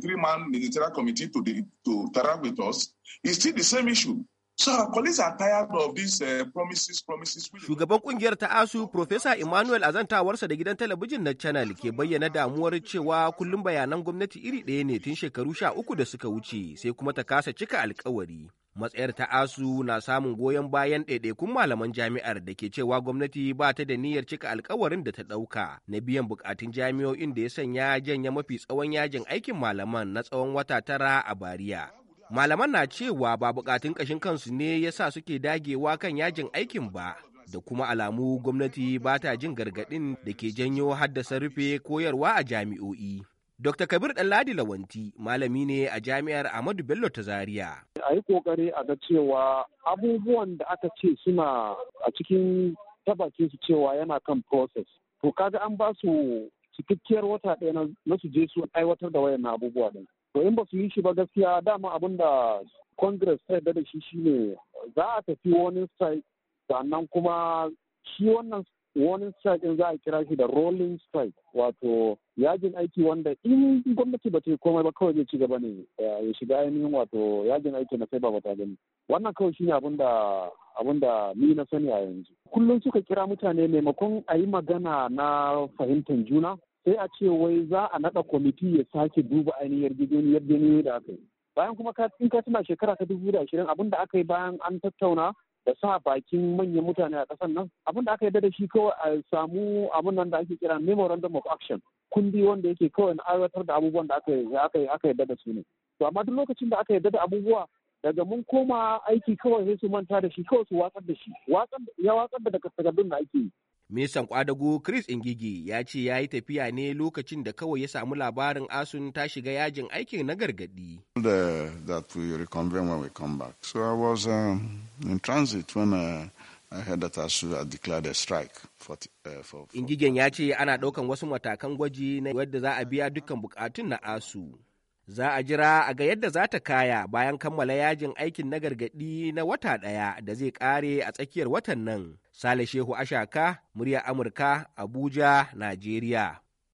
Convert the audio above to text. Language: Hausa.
three-man ministerial committee to, the, to interact with us, it's still the same issue. Uh, Shugaban kungiyar ta ASU Profesa Emmanuel azantawarsa da gidan talabijin na Channel ke bayyana damuwar cewa kullum bayanan gwamnati iri ɗaya ne tun shekaru sha uku da suka wuce sai kuma ta kasa cika alkawari. matsayar ta'asu na samun goyon bayan ɗaiɗaikun malaman jami'ar da ke cewa gwamnati ba ta da niyyar cika alkawarin da ta ɗauka na biyan bukatun jami'o'in da ya sanya janya mafi tsawon yajin aikin malaman na tsawon wata tara a bariya malaman na cewa ba bukatun ƙashin kansu ne ya sa suke dagewa kan yajin aikin ba da kuma alamu gwamnati ba ta jin gargaɗin da ke janyo haddasa rufe koyarwa a jami'o'i Dr. Kabir Ɗanladi Lawanti malami ne a jami'ar Ahmadu Bello ta Zaria. A yi ƙoƙari a ga cewa abubuwan da aka ce suna a cikin tabakin su cewa yana kan process. To kaga an ba su cikakkiyar wata ɗaya na su je su aiwatar da wayan abubuwa ɗin. To in ba su yi shi ba gaskiya dama abin da Congress ta yarda da shi shine za a tafi wani site, sannan kuma shi wannan wani strike za a kira shi da rolling strike wato yajin aiki wanda in gwamnati ba ta yi komai ba kawai zai ci gaba ne eh, ya shiga ainihin wato yajin aiki na sai ba ta gani wannan kawai shine ne abun da ni na sani a yanzu kullum suka kira mutane maimakon a yi magana na fahimtar juna sai a ce wai za a naɗa kwamiti ya sake duba ainihin yarjejeniyar da aka yi bayan kuma in ka tuna shekara ta dubu da ashirin abin da aka yi bayan an tattauna da sa bakin manyan mutane a ƙasar nan abin da aka yarda da shi kawai a samu abin nan da ake kira memorandum of action kundi wanda yake kawai na aiwatar da abubuwan da aka yarda da su ne to amma duk lokacin da aka yarda da abubuwa daga mun koma aiki kawai sai su manta da shi kawai su watsar da shi ya watsar da daga takardun da ake yi Ministan kwadago Chris Ingigi ya ce ya yi tafiya ne lokacin da kawai ya samu labarin asun ta shiga yajin aikin na gargadi. Ingigen um, uh, uh, ya ce ana ɗaukar wasu matakan gwaji na yadda za a biya dukkan bukatun na ASU. Za a jira a ga yadda za ta kaya bayan kammala yajin aikin na gargaɗi na wata ɗaya da zai ƙare a tsakiyar watan nan. Sale Shehu Ashaka, murya Amurka, Abuja, Najeriya.